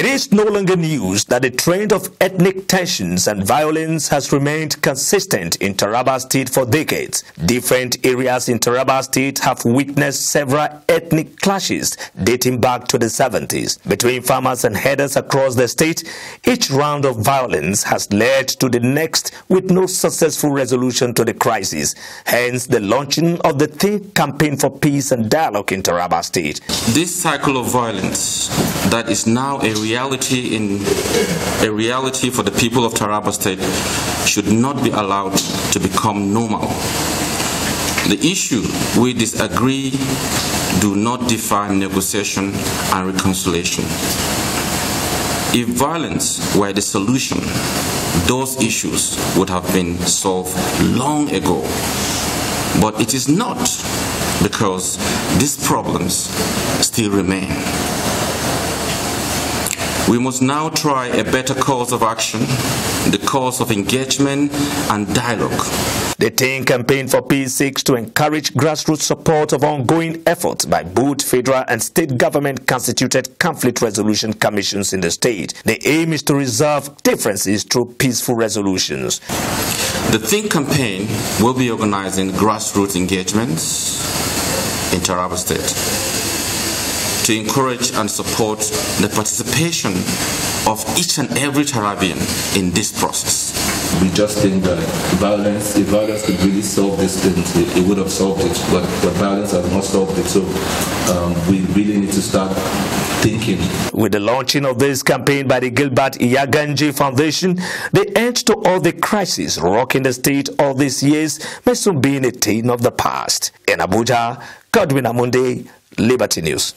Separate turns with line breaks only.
It is no longer news that the trend of ethnic tensions and violence has remained consistent in Taraba State for decades. Different areas in Taraba State have witnessed several ethnic clashes dating back to the 70s. Between farmers and herders across the state, each round of violence has led to the next with no successful resolution to the crisis. Hence the launching of the Think Campaign for Peace and Dialogue in Taraba State.
This cycle of violence that is now a reality in a reality for the people of Taraba State should not be allowed to become normal. The issue we disagree do not define negotiation and reconciliation. If violence were the solution, those issues would have been solved long ago. But it is not because these problems still remain. We must now try a better course of action, the course of engagement
and dialogue. The Think Campaign for Peace seeks to encourage grassroots support of ongoing efforts by both federal and state government constituted conflict resolution commissions in the state. The aim is to resolve differences through peaceful resolutions. The Think campaign will be organizing grassroots engagements
in Taraba State to encourage and support the participation of each and every Tarabian in this process. We just think that violence, if violence could really solve this thing, it, would have solved it, but, but
violence has not solved it. So um, we really need to start thinking. With the launching of this campaign by the Gilbert Iyaganji Foundation, the end to all the crises rocking the state all these years may soon be in a thing of the past. In Abuja, Godwin Amunde, Liberty News.